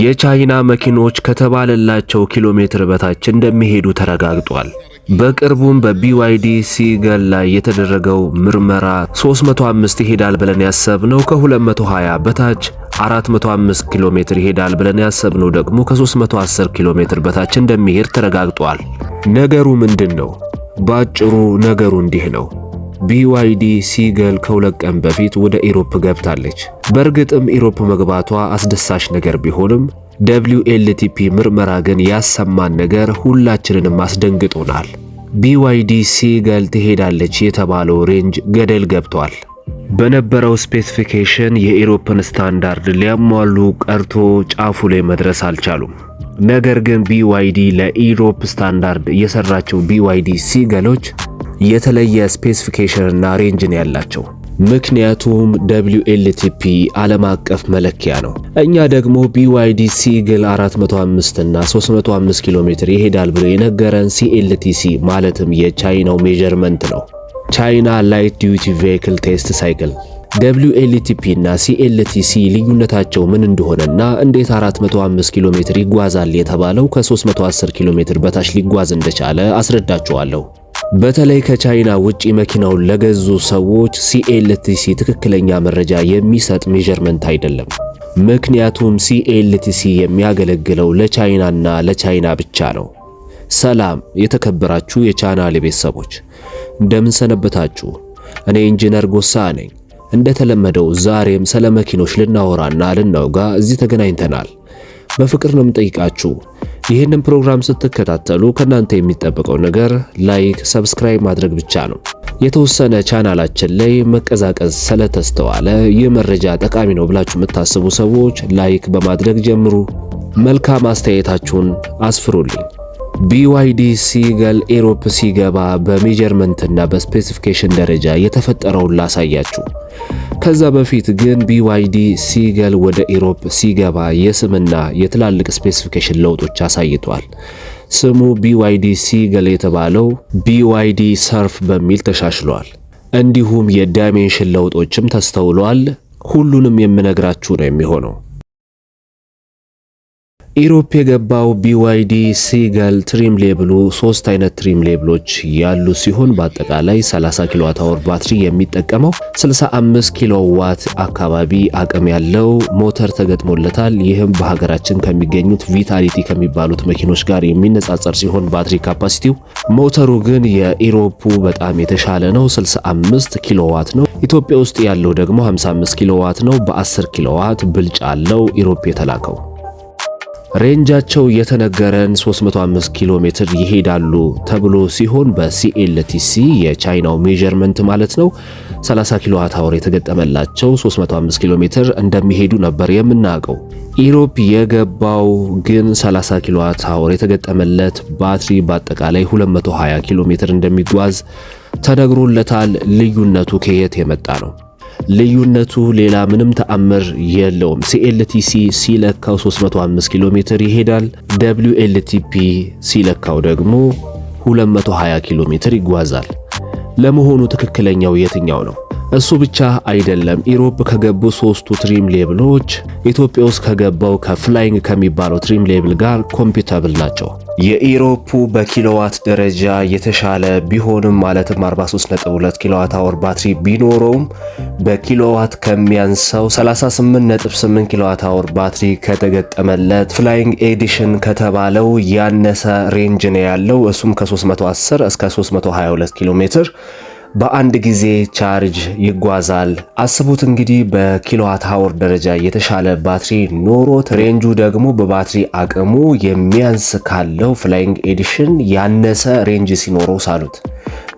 የቻይና መኪኖች ከተባለላቸው ኪሎ ሜትር በታች እንደሚሄዱ ተረጋግጧል። በቅርቡም በቢዋይዲ ሲገል ላይ የተደረገው ምርመራ 305 ይሄዳል ብለን ያሰብነው ከ220 በታች 405 ኪሎ ሜትር ይሄዳል ብለን ያሰብነው ደግሞ ከ310 ኪሎ ሜትር በታች እንደሚሄድ ተረጋግጧል። ነገሩ ምንድን ነው? ባጭሩ ነገሩ እንዲህ ነው። ቢዋይዲ ሲገል ከሁለት ቀን በፊት ወደ ኢሮፕ ገብታለች። በእርግጥም ኢሮፕ መግባቷ አስደሳች ነገር ቢሆንም ደብሊው ኤልቲፒ ምርመራ ግን ያሰማን ነገር ሁላችንንም አስደንግጦናል። ቢዋይዲ ሲገል ትሄዳለች የተባለው ሬንጅ ገደል ገብቷል። በነበረው ስፔሲፊኬሽን የኢሮፕን ስታንዳርድ ሊያሟሉ ቀርቶ ጫፉ ላይ መድረስ አልቻሉም። ነገር ግን ቢዋይዲ ለኢሮፕ ስታንዳርድ የሰራቸው ቢዋይዲ ሲገሎች የተለየ ስፔሲፊኬሽንና ሬንጅን ያላቸው ምክንያቱም WLTP ዓለም አቀፍ መለኪያ ነው። እኛ ደግሞ BYD ሲግል 405 እና 305 ኪሎ ሜትር ይሄዳል ብሎ የነገረን CLTC ማለትም የቻይናው ሜዠርመንት ነው። ቻይና ላይት ዲዩቲ ቬሂክል ቴስት ሳይክል። WLTP እና CLTC ልዩነታቸው ምን እንደሆነና እንዴት 405 ኪሎ ሜትር ይጓዛል የተባለው ከ310 ኪሎ ሜትር በታች ሊጓዝ እንደቻለ አስረዳችኋለሁ። በተለይ ከቻይና ውጪ መኪናውን ለገዙ ሰዎች ሲኤልቲሲ ትክክለኛ መረጃ የሚሰጥ ሜዠርመንት አይደለም። ምክንያቱም ሲኤልቲሲ የሚያገለግለው ለቻይናና ለቻይና ብቻ ነው። ሰላም የተከበራችሁ የቻናሌ ቤተሰቦች እንደምን ሰነበታችሁ? እኔ ኢንጂነር ጎሳ ነኝ። እንደተለመደው ዛሬም ስለ መኪኖች ልናወራና ልናወጋ እዚህ ተገናኝተናል። በፍቅር ነው የምጠይቃችሁ ይህንን ፕሮግራም ስትከታተሉ ከእናንተ የሚጠበቀው ነገር ላይክ፣ ሰብስክራይብ ማድረግ ብቻ ነው። የተወሰነ ቻናላችን ላይ መቀዛቀዝ ስለተስተዋለ ይህ መረጃ ጠቃሚ ነው ብላችሁ የምታስቡ ሰዎች ላይክ በማድረግ ጀምሩ። መልካም አስተያየታችሁን አስፍሩልኝ። ቢዋይዲ ሲገል ኤሮፕ ሲገባ በሜጀርመንትና በስፔሲፊኬሽን ደረጃ የተፈጠረውን ላሳያችሁ። ከዛ በፊት ግን ቢዋይዲ ሲገል ወደ ኢሮፕ ሲገባ የስምና የትላልቅ ስፔሲፊኬሽን ለውጦች አሳይቷል። ስሙ ቢዋይዲ ሲገል የተባለው ቢዋይዲ ሰርፍ በሚል ተሻሽሏል። እንዲሁም የዳይሜንሽን ለውጦችም ተስተውሏል። ሁሉንም የምነግራችሁ ነው የሚሆነው። ኢሮፕ የገባው ቢዋይዲ ሲገል ትሪም ሌብሉ ሶስት አይነት ትሪም ሌብሎች ያሉ ሲሆን በአጠቃላይ 30 ኪሎዋት አወር ባትሪ የሚጠቀመው 65 ኪሎዋት አካባቢ አቅም ያለው ሞተር ተገጥሞለታል። ይህም በሀገራችን ከሚገኙት ቪታሊቲ ከሚባሉት መኪኖች ጋር የሚነጻጸር ሲሆን ባትሪ ካፓሲቲው ሞተሩ ግን የኢሮፑ በጣም የተሻለ ነው፣ 65 ኪሎዋት ነው። ኢትዮጵያ ውስጥ ያለው ደግሞ 55 ኪሎዋት ነው። በ10 ኪሎዋት ብልጫ አለው ኢሮፕ የተላከው ሬንጃቸው የተነገረን 305 ኪሎ ሜትር ይሄዳሉ ተብሎ ሲሆን በሲኤልቲሲ የቻይናው ሜዠርመንት ማለት ነው 30 ኪሎ ዋት የተገጠመላቸው 305 ኪሎ ሜትር እንደሚሄዱ ነበር የምናውቀው። ኢሮፕ የገባው ግን 30 ኪሎ ዋት አወር የተገጠመለት ባትሪ በአጠቃላይ 220 ኪሎ ሜትር እንደሚጓዝ ተነግሮለታል። ልዩነቱ ከየት የመጣ ነው? ልዩነቱ ሌላ ምንም ተአምር የለውም። ሲኤልቲሲ ሲለካው 305 ኪሎ ሜትር ይሄዳል። ደብሊው ኤልቲፒ ሲለካው ደግሞ 220 ኪሎ ሜትር ይጓዛል። ለመሆኑ ትክክለኛው የትኛው ነው? እሱ ብቻ አይደለም። ኢሮፕ ከገቡ ሶስቱ ትሪም ሌብሎች ኢትዮጵያ ውስጥ ከገባው ከፍላይንግ ከሚባለው ትሪም ሌብል ጋር ኮምፒውተብል ናቸው። የኢሮፑ በኪሎዋት ደረጃ የተሻለ ቢሆንም ማለትም 432 ኪሎዋት አወር ባትሪ ቢኖረውም በኪሎዋት ከሚያንሰው 388 ኪሎዋት አወር ባትሪ ከተገጠመለት ፍላይንግ ኤዲሽን ከተባለው ያነሰ ሬንጅ ነው ያለው። እሱም ከ310 እስከ 322 ኪሎ ሜትር በአንድ ጊዜ ቻርጅ ይጓዛል። አስቡት እንግዲህ በኪሎዋት አወር ደረጃ የተሻለ ባትሪ ኖሮት ሬንጁ ደግሞ በባትሪ አቅሙ የሚያንስ ካለው ፍላይንግ ኤዲሽን ያነሰ ሬንጅ ሲኖረው ሳሉት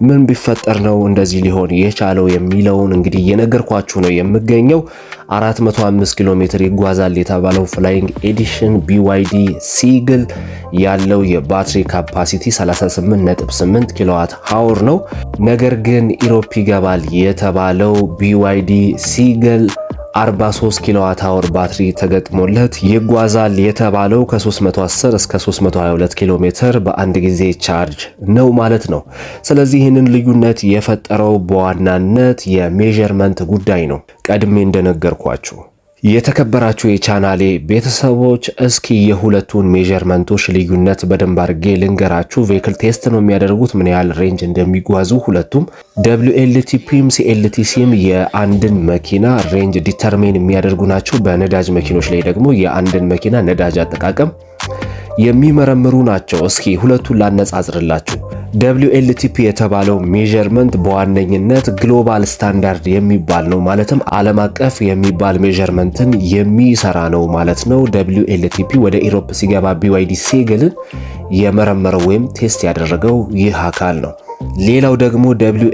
ምን ቢፈጠር ነው እንደዚህ ሊሆን የቻለው የሚለውን እንግዲህ እየነገርኳችሁ ነው የምገኘው። 405 ኪሎ ሜትር ይጓዛል የተባለው ፍላይንግ ኤዲሽን ቢዋይዲ ሲግል ያለው የባትሪ ካፓሲቲ 388 ኪሎዋት ሃወር ነው። ነገር ግን ኢሮፕ ይገባል የተባለው ቢዋይዲ ሲግል 43 ኪሎዋት አወር ባትሪ ተገጥሞለት ይጓዛል የተባለው ከ310 እስከ 322 ኪሎ ሜትር በአንድ ጊዜ ቻርጅ ነው ማለት ነው። ስለዚህ ይህንን ልዩነት የፈጠረው በዋናነት የሜዠርመንት ጉዳይ ነው። ቀድሜ እንደነገርኳችሁ የተከበራችሁ የቻናሌ ቤተሰቦች እስኪ የሁለቱን ሜዠርመንቶች ልዩነት በደንብ አድርጌ ልንገራችሁ። ቬክል ቴስት ነው የሚያደርጉት ምን ያህል ሬንጅ እንደሚጓዙ ሁለቱም። ደብሊው ኤልቲፒም ሲኤልቲሲም የአንድን መኪና ሬንጅ ዲተርሜን የሚያደርጉ ናቸው። በነዳጅ መኪኖች ላይ ደግሞ የአንድን መኪና ነዳጅ አጠቃቀም የሚመረምሩ ናቸው። እስኪ ሁለቱን ላነጻጽርላችሁ። ደብሊው ኤልቲፒ የተባለው ሜዠርመንት በዋነኝነት ግሎባል ስታንዳርድ የሚባል ነው። ማለትም ዓለም አቀፍ የሚባል ሜዠርመንትን የሚሰራ ነው ማለት ነው። WLTP ወደ ኢሮፕ ሲገባ BYD ሴገልን የመረመረው ወይም ቴስት ያደረገው ይህ አካል ነው። ሌላው ደግሞ ደብሊው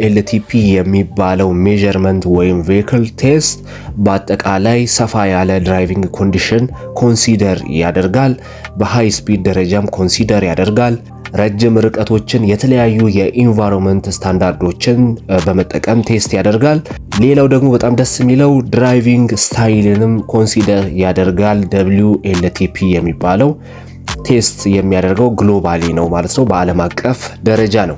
የሚባለው ሜዠርመንት ወይም ቬክል ቴስት በአጠቃላይ ሰፋ ያለ ድራይቪንግ ኮንዲሽን ኮንሲደር ያደርጋል። በሃይ ስፒድ ደረጃም ኮንሲደር ያደርጋል። ረጅም ርቀቶችን የተለያዩ የኢንቫይሮንመንት ስታንዳርዶችን በመጠቀም ቴስት ያደርጋል። ሌላው ደግሞ በጣም ደስ የሚለው ድራይቪንግ ስታይልንም ኮንሲደር ያደርጋል ደብሊው የሚባለው ቴስት የሚያደርገው ግሎባሊ ነው ማለት ነው፣ በዓለም አቀፍ ደረጃ ነው።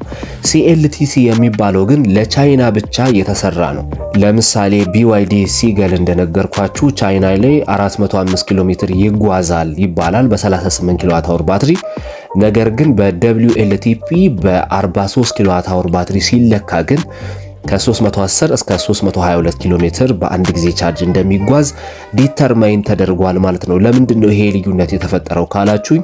ሲኤልቲሲ የሚባለው ግን ለቻይና ብቻ የተሰራ ነው። ለምሳሌ ቢዋይዲ ሲገል እንደነገርኳችሁ ቻይና ላይ 405 ኪሎ ሜትር ይጓዛል ይባላል በ38 ኪሎዋት አወር ባትሪ። ነገር ግን በደብሊዩ በ43 ኪሎዋት አወር ባትሪ ሲለካ ግን ከ310 እስከ 322 ኪሎ ሜትር በአንድ ጊዜ ቻርጅ እንደሚጓዝ ዲተርማይን ተደርጓል ማለት ነው። ለምንድን ነው ይሄ ልዩነት የተፈጠረው ካላችሁኝ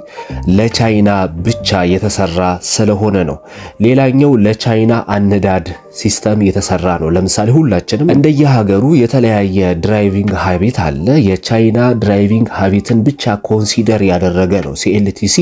ለቻይና ብቻ የተሰራ ስለሆነ ነው። ሌላኛው ለቻይና አነዳድ ሲስተም እየተሰራ ነው። ለምሳሌ ሁላችንም እንደየሀገሩ የተለያየ ድራይቪንግ ሀቢት አለ። የቻይና ድራይቪንግ ሀቢትን ብቻ ኮንሲደር ያደረገ ነው ሲኤልቲሲ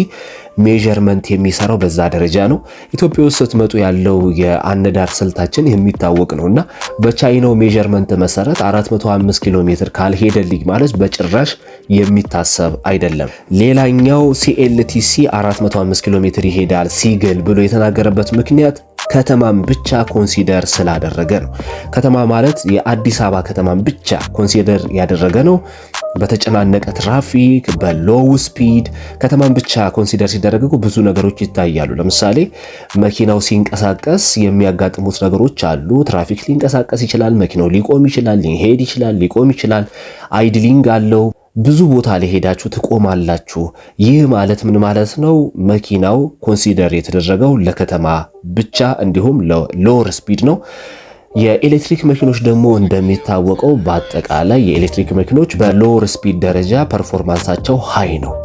ሜዠርመንት የሚሰራው በዛ ደረጃ ነው። ኢትዮጵያ ውስጥ ስትመጡ ያለው የአነዳር ስልታችን የሚታወቅ ነው እና በቻይናው ሜዠርመንት መሰረት 405 ኪሎ ሜትር ካልሄደልኝ ማለት በጭራሽ የሚታሰብ አይደለም። ሌላኛው ሲኤልቲሲ 405 ኪሎ ሜትር ይሄዳል ሲግል ብሎ የተናገረበት ምክንያት ከተማን ብቻ ኮንሲደር ስላደረገ ነው። ከተማ ማለት የአዲስ አበባ ከተማን ብቻ ኮንሲደር ያደረገ ነው። በተጨናነቀ ትራፊክ፣ በሎው ስፒድ ከተማን ብቻ ኮንሲደር ሲደረግ ብዙ ነገሮች ይታያሉ። ለምሳሌ መኪናው ሲንቀሳቀስ የሚያጋጥሙት ነገሮች አሉ። ትራፊክ ሊንቀሳቀስ ይችላል። መኪናው ሊቆም ይችላል፣ ሊሄድ ይችላል፣ ሊቆም ይችላል። አይድሊንግ አለው። ብዙ ቦታ ለሄዳችሁ ትቆማላችሁ። ይህ ማለት ምን ማለት ነው? መኪናው ኮንሲደር የተደረገው ለከተማ ብቻ እንዲሁም ሎወር ስፒድ ነው። የኤሌክትሪክ መኪኖች ደግሞ እንደሚታወቀው በአጠቃላይ የኤሌክትሪክ መኪኖች በሎወር ስፒድ ደረጃ ፐርፎርማንሳቸው ሃይ ነው።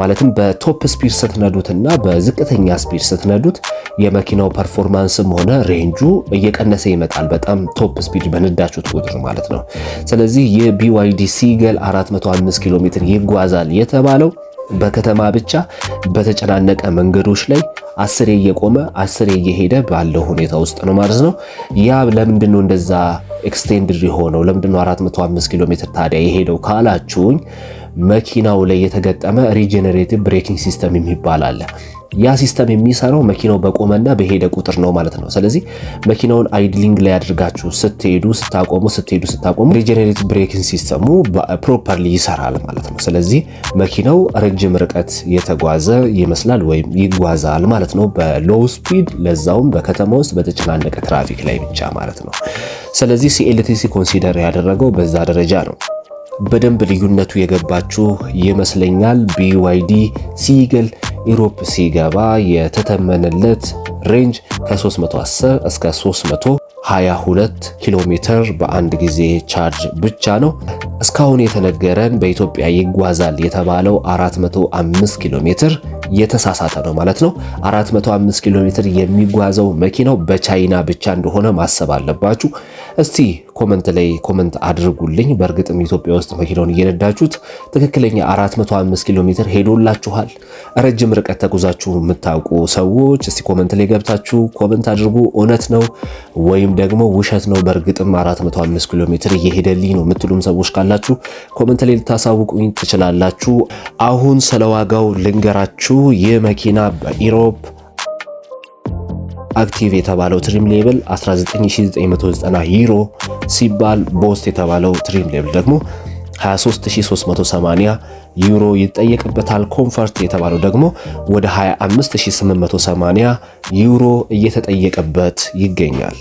ማለትም በቶፕ ስፒድ ስትነዱትና በዝቅተኛ ስፒድ ስትነዱት የመኪናው ፐርፎርማንስም ሆነ ሬንጁ እየቀነሰ ይመጣል። በጣም ቶፕ ስፒድ በነዳችሁት ቁጥር ማለት ነው። ስለዚህ የቢዋይዲ ሲገል 405 ኪሎ ሜትር ይጓዛል የተባለው በከተማ ብቻ በተጨናነቀ መንገዶች ላይ አስሬ እየቆመ አስሬ እየሄደ ባለው ሁኔታ ውስጥ ነው ማለት ነው። ያ ለምንድን ነው እንደዛ ኤክስቴንድድ የሆነው? ለምንድን ነው 405 ኪሎ ሜትር ታዲያ የሄደው ካላችሁኝ መኪናው ላይ የተገጠመ ሪጀነሬቲቭ ብሬኪንግ ሲስተም የሚባል አለ። ያ ሲስተም የሚሰራው መኪናው በቆመና በሄደ ቁጥር ነው ማለት ነው። ስለዚህ መኪናውን አይድሊንግ ላይ አድርጋችሁ ስትሄዱ ስታቆሙ ስትሄዱ ስታቆሙ ሪጀነሬቲቭ ብሬኪንግ ሲስተሙ ፕሮፐርሊ ይሰራል ማለት ነው። ስለዚህ መኪናው ረጅም ርቀት የተጓዘ ይመስላል ወይም ይጓዛል ማለት ነው፣ በሎው ስፒድ ለዛውም በከተማ ውስጥ በተጨናነቀ ትራፊክ ላይ ብቻ ማለት ነው። ስለዚህ ሲኤልቲሲ ኮንሲደር ያደረገው በዛ ደረጃ ነው። በደንብ ልዩነቱ የገባችሁ ይመስለኛል። ቢዋይዲ ሲገል ኢሮፕ ሲገባ የተተመነለት ሬንጅ ከ310 እስከ 322 ኪሎ ሜትር በአንድ ጊዜ ቻርጅ ብቻ ነው። እስካሁን የተነገረን በኢትዮጵያ ይጓዛል የተባለው 405 ኪሎ ሜትር የተሳሳተ ነው ማለት ነው። 405 ኪሎ ሜትር የሚጓዘው መኪናው በቻይና ብቻ እንደሆነ ማሰብ አለባችሁ። እስቲ ኮመንት ላይ ኮመንት አድርጉልኝ። በእርግጥም ኢትዮጵያ ውስጥ መኪናውን እየነዳችሁት ትክክለኛ 405 ኪሎ ሜትር ሄዶላችኋል? ረጅም ርቀት ተጉዛችሁ የምታውቁ ሰዎች እስቲ ኮመንት ላይ ገብታችሁ ኮመንት አድርጉ። እውነት ነው ወይም ደግሞ ውሸት ነው፣ በእርግጥም 405 ኪሎ ሜትር እየሄደልኝ ነው የምትሉም ሰዎች ካላችሁ ኮመንት ላይ ልታሳውቁኝ ትችላላችሁ። አሁን ስለዋጋው ልንገራችሁ። ይህ መኪና በኢሮፕ አክቲቭ የተባለው ትሪም ሌብል 19990 ዩሮ ሲባል ቦስት የተባለው ትሪም ሌብል ደግሞ 23380 ዩሮ ይጠየቅበታል። ኮንፈርት የተባለው ደግሞ ወደ 25880 ዩሮ እየተጠየቀበት ይገኛል።